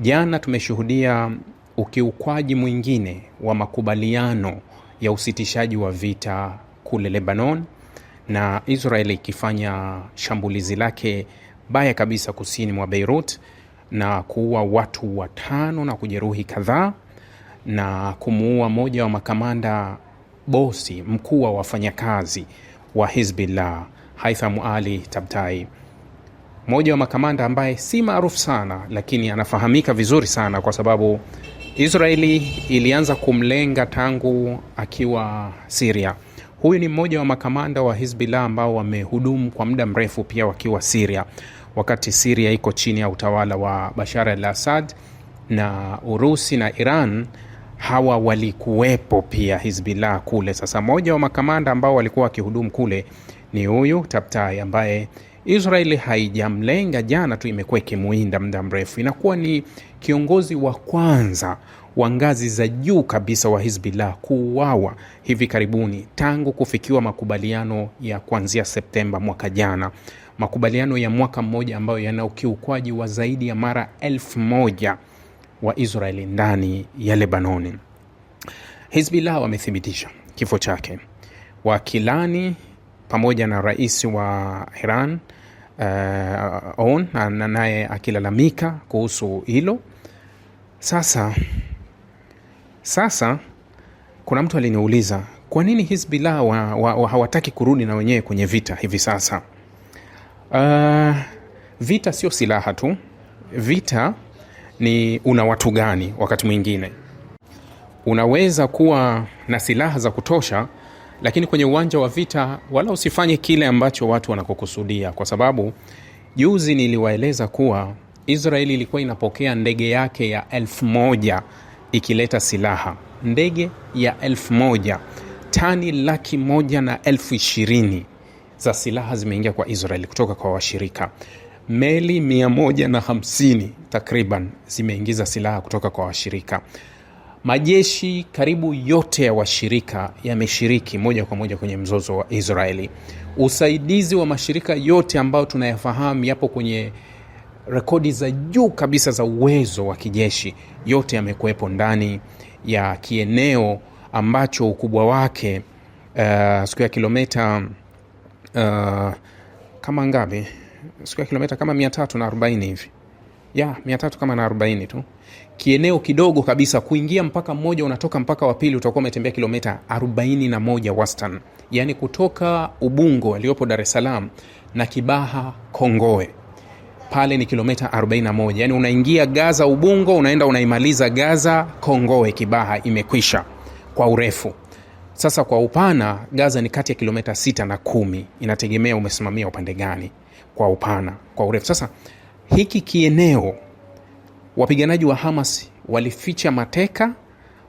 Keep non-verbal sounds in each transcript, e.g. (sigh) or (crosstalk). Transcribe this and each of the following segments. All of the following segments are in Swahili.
Jana tumeshuhudia ukiukwaji mwingine wa makubaliano ya usitishaji wa vita kule Lebanon na Israel ikifanya shambulizi lake baya kabisa kusini mwa Beirut na kuua watu watano na kujeruhi kadhaa na kumuua mmoja wa makamanda bosi mkuu wa wafanyakazi wa Hizbillah Haitham Ali Tabtai mmoja wa makamanda ambaye si maarufu sana, lakini anafahamika vizuri sana kwa sababu Israeli ilianza kumlenga tangu akiwa Siria. Huyu ni mmoja wa makamanda wa Hizbillah ambao wamehudumu kwa muda mrefu pia wakiwa Siria, wakati Siria iko chini ya utawala wa Bashar al Assad na Urusi na Iran hawa walikuwepo pia Hizbillah kule. Sasa mmoja wa makamanda ambao walikuwa wakihudumu kule ni huyu Taptai ambaye Israeli haijamlenga jana tu, imekuwa ikimuinda muda mrefu. Inakuwa ni kiongozi wa kwanza wa ngazi za juu kabisa wa Hizbillah kuuawa hivi karibuni tangu kufikiwa makubaliano ya kuanzia Septemba mwaka jana, makubaliano ya mwaka mmoja ambayo yana ukiukwaji wa zaidi ya mara elfu moja wa Israeli ndani ya Lebanoni. Hizbillah wamethibitisha kifo chake wakilani pamoja na rais wa Iran uh, on naye akilalamika kuhusu hilo. Sasa sasa kuna mtu aliniuliza kwa nini Hizbillah wa, wa, wa hawataki kurudi na wenyewe kwenye vita hivi sasa. Uh, vita sio silaha tu, vita ni una watu gani. Wakati mwingine unaweza kuwa na silaha za kutosha lakini kwenye uwanja wa vita wala usifanye kile ambacho watu wanakokusudia kwa sababu juzi niliwaeleza kuwa Israeli ilikuwa inapokea ndege yake ya elfu moja ikileta silaha, ndege ya elfu moja tani laki moja na elfu ishirini za silaha zimeingia kwa Israeli kutoka kwa washirika. Meli 150 takriban zimeingiza silaha kutoka kwa washirika. Majeshi karibu yote ya washirika yameshiriki moja kwa moja kwenye mzozo wa Israeli. Usaidizi wa mashirika yote ambayo tunayafahamu yapo kwenye rekodi za juu kabisa za uwezo wa kijeshi, yote yamekuwepo ndani ya kieneo ambacho ukubwa wake uh, eh, siku ya kilometa uh, eh, kama ngapi? Siku ya kilometa kama mia tatu na arobaini hivi ya mia tatu kama na arobaini tu kieneo kidogo kabisa kuingia mpaka mmoja unatoka mpaka wa pili, utakuwa umetembea kilomita 41 wastan yaani kutoka Ubungo aliyopo Dar es Salaam na Kibaha Kongoe pale ni kilomita 41, yaani unaingia Gaza Ubungo, unaenda unaimaliza Gaza Kongoe, Kibaha imekwisha kwa urefu. Sasa kwa upana Gaza ni kati ya kilomita sita na kumi, inategemea umesimamia upande gani kwa upana, kwa urefu. Sasa hiki kieneo Wapiganaji wa Hamas walificha mateka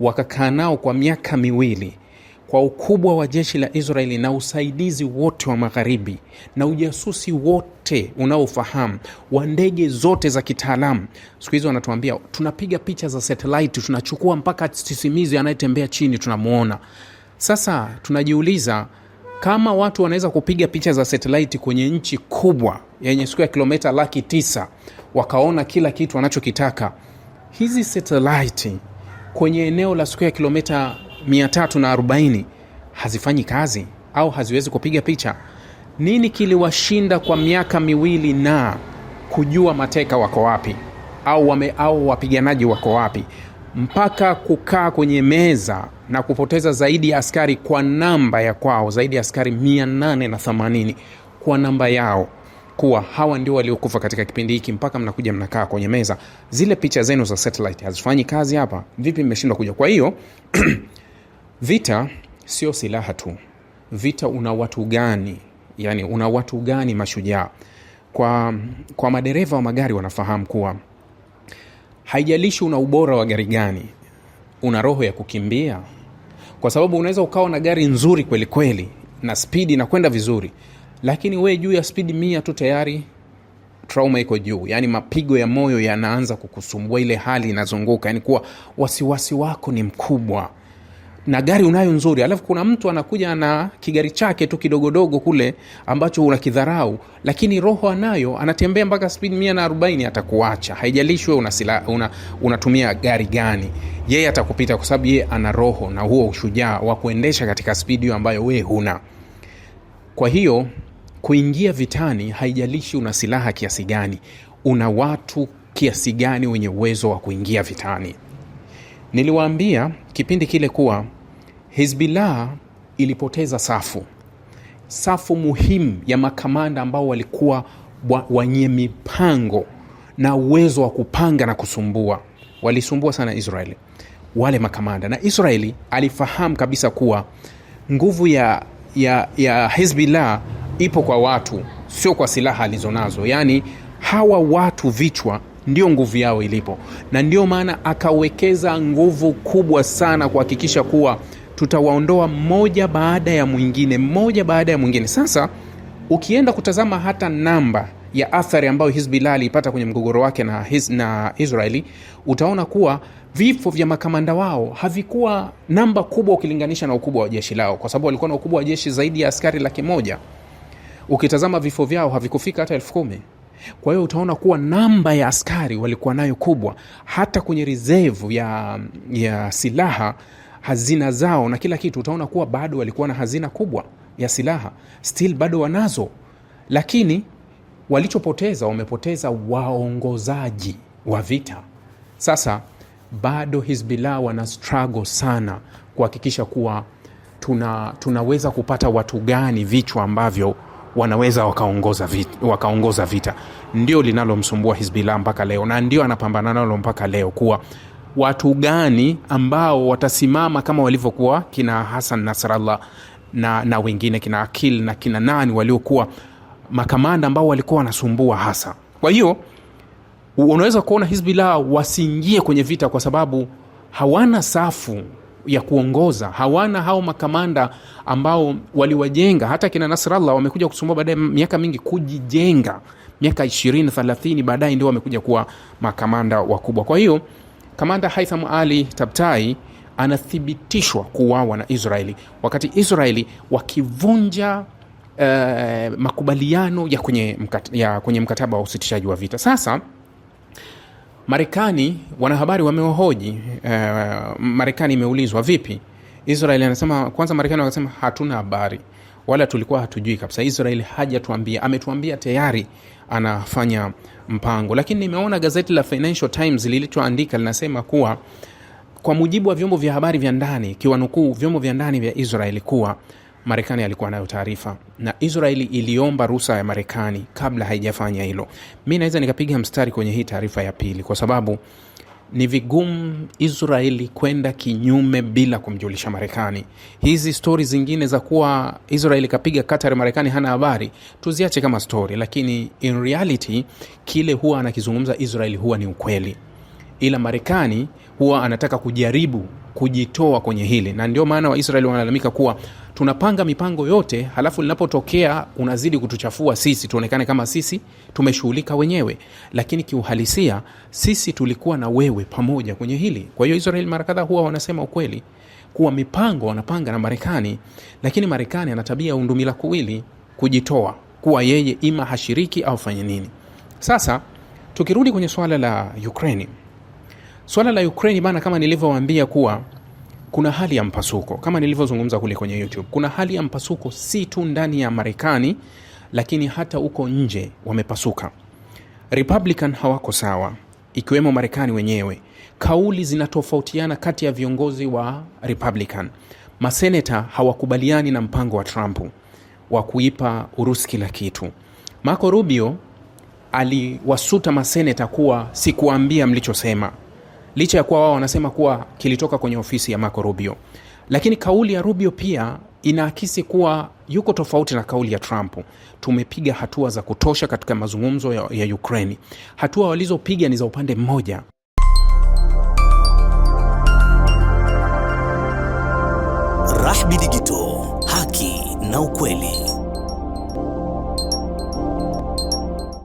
wakakaa nao kwa miaka miwili. Kwa ukubwa wa jeshi la Israeli na usaidizi wote wa magharibi na ujasusi wote unaofahamu wa ndege zote za kitaalamu, siku hizi wanatuambia tunapiga picha za satelaiti, tunachukua mpaka sisimizi anayetembea chini tunamwona. Sasa tunajiuliza kama watu wanaweza kupiga picha za satelaiti kwenye nchi kubwa yenye siku ya kilomita laki tisa wakaona kila kitu wanachokitaka, hizi satelaiti kwenye eneo la siku ya kilomita 340 hazifanyi kazi au haziwezi kupiga picha? Nini kiliwashinda kwa miaka miwili na kujua mateka wako wapi au, wame, au wapiganaji wako wapi? mpaka kukaa kwenye meza na kupoteza zaidi ya askari kwa namba ya kwao, zaidi ya askari 880 kwa namba yao, kuwa hawa ndio waliokufa katika kipindi hiki, mpaka mnakuja mnakaa kwenye meza. Zile picha zenu za satellite hazifanyi kazi hapa, vipi mmeshindwa kuja? Kwa hiyo (clears throat) vita sio silaha tu, vita una watu gani? Yani una watu gani mashujaa? Kwa, kwa madereva wa magari wanafahamu kuwa haijalishi una ubora wa gari gani una roho ya kukimbia kwa sababu unaweza ukawa na gari nzuri kweli kweli na spidi inakwenda vizuri lakini wee juu ya spidi mia tu tayari trauma iko juu yaani mapigo ya moyo yanaanza kukusumbua ile hali inazunguka yaani kuwa wasiwasi wako ni mkubwa na gari unayo nzuri, alafu kuna mtu anakuja na kigari chake tu kidogodogo kule ambacho unakidharau, lakini roho anayo, anatembea mpaka spidi mia na arobaini, atakuacha. haijalishwe wewe una, unatumia gari gani, yeye atakupita kwa sababu yeye ana roho na huo ushujaa wa kuendesha katika spidi hiyo ambayo wee huna. Kwa hiyo kuingia vitani, haijalishi una silaha kiasi gani, una watu kiasi gani wenye uwezo wa kuingia vitani. Niliwaambia kipindi kile kuwa Hezbollah ilipoteza safu safu muhimu ya makamanda ambao walikuwa wenye mipango na uwezo wa kupanga na kusumbua. Walisumbua sana Israeli wale makamanda, na Israeli alifahamu kabisa kuwa nguvu ya, ya, ya Hezbollah ipo kwa watu, sio kwa silaha alizonazo. Yaani hawa watu vichwa ndio nguvu yao ilipo, na ndio maana akawekeza nguvu kubwa sana kuhakikisha kuwa tutawaondoa mmoja baada ya mwingine, mmoja baada ya mwingine. Sasa ukienda kutazama hata namba ya athari ambayo Hizbullah aliipata kwenye mgogoro wake na, his, na Israeli utaona kuwa vifo vya makamanda wao havikuwa namba kubwa ukilinganisha na ukubwa wa jeshi lao, kwa sababu walikuwa na ukubwa wa jeshi zaidi ya askari laki moja. Ukitazama vifo vyao havikufika hata elfu kumi. Kwa hiyo utaona kuwa namba ya askari walikuwa nayo kubwa, hata kwenye rizevu ya, ya silaha hazina zao na kila kitu, utaona kuwa bado walikuwa na hazina kubwa ya silaha, still bado wanazo, lakini walichopoteza, wamepoteza waongozaji wa vita. Sasa bado Hizbillah wana struggle sana kuhakikisha kuwa tuna, tunaweza kupata watu gani vichwa ambavyo wanaweza wakaongoza vita, wakaongoza vita. Ndio linalomsumbua Hizbillah mpaka leo na ndio anapambana nalo mpaka leo kuwa watu gani ambao watasimama kama walivyokuwa kina Hasan Nasrallah na, na wengine kina Akil na kina nani waliokuwa makamanda ambao walikuwa wanasumbua hasa. Kwa hiyo unaweza kuona Hizbillah wasiingie kwenye vita kwa sababu hawana safu ya kuongoza, hawana hao makamanda ambao waliwajenga. Hata kina Nasrallah wamekuja kusumbua baadaye miaka mingi kujijenga, miaka ishirini thelathini baadaye ndio wamekuja kuwa makamanda wakubwa. Kwa hiyo Kamanda Haitham Ali Tabtai anathibitishwa kuuawa na Israeli wakati Israeli wakivunja uh, makubaliano ya kwenye, mkata, ya kwenye mkataba wa usitishaji wa vita. Sasa Marekani, wanahabari wamewahoji uh, Marekani imeulizwa vipi Israeli, anasema kwanza, Marekani wakasema hatuna habari wala tulikuwa hatujui kabisa. Israeli hajatuambia, ametuambia tayari anafanya mpango. Lakini nimeona gazeti la Financial Times lilichoandika linasema kuwa kwa mujibu wa vyombo vya habari vya ndani, kiwanukuu vyombo vya ndani vya Israeli kuwa Marekani alikuwa nayo taarifa na Israeli iliomba rusa ya Marekani kabla haijafanya hilo. Mi naweza nikapiga mstari kwenye hii taarifa ya pili kwa sababu ni vigumu Israeli kwenda kinyume bila kumjulisha Marekani. Hizi stori zingine za kuwa Israeli ikapiga Qatar, Marekani hana habari, tuziache kama stori, lakini in reality kile huwa anakizungumza Israeli huwa ni ukweli ila Marekani huwa anataka kujaribu kujitoa kwenye hili, na ndio maana waisrael wanalalamika kuwa tunapanga mipango yote, halafu linapotokea unazidi kutuchafua sisi, tuonekane kama sisi tumeshughulika wenyewe, lakini kiuhalisia sisi tulikuwa na wewe pamoja kwenye hili. Kwa hiyo israel mara kadhaa huwa wanasema ukweli kuwa mipango wanapanga na Marekani, lakini Marekani ana tabia ya undumila kuwili, kujitoa kuwa yeye ima hashiriki au fanye nini. Sasa tukirudi kwenye suala la Ukraini Swala la Ukraine bana, kama nilivyowaambia kuwa kuna hali ya mpasuko kama nilivyozungumza kule kwenye YouTube. Kuna hali ya mpasuko si tu ndani ya Marekani, lakini hata huko nje wamepasuka. Republican hawako sawa, ikiwemo Marekani wenyewe. Kauli zinatofautiana kati ya viongozi wa Republican. Maseneta hawakubaliani na mpango wa Trump wa kuipa Urusi kila kitu. Marco Rubio aliwasuta maseneta kuwa sikuambia mlichosema licha ya kuwa wao wanasema kuwa kilitoka kwenye ofisi ya Marco Rubio, lakini kauli ya Rubio pia inaakisi kuwa yuko tofauti na kauli ya Trump. Tumepiga hatua za kutosha katika mazungumzo ya, ya Ukraini. Hatua walizopiga ni za upande mmoja. Rahby Digito, haki na ukweli.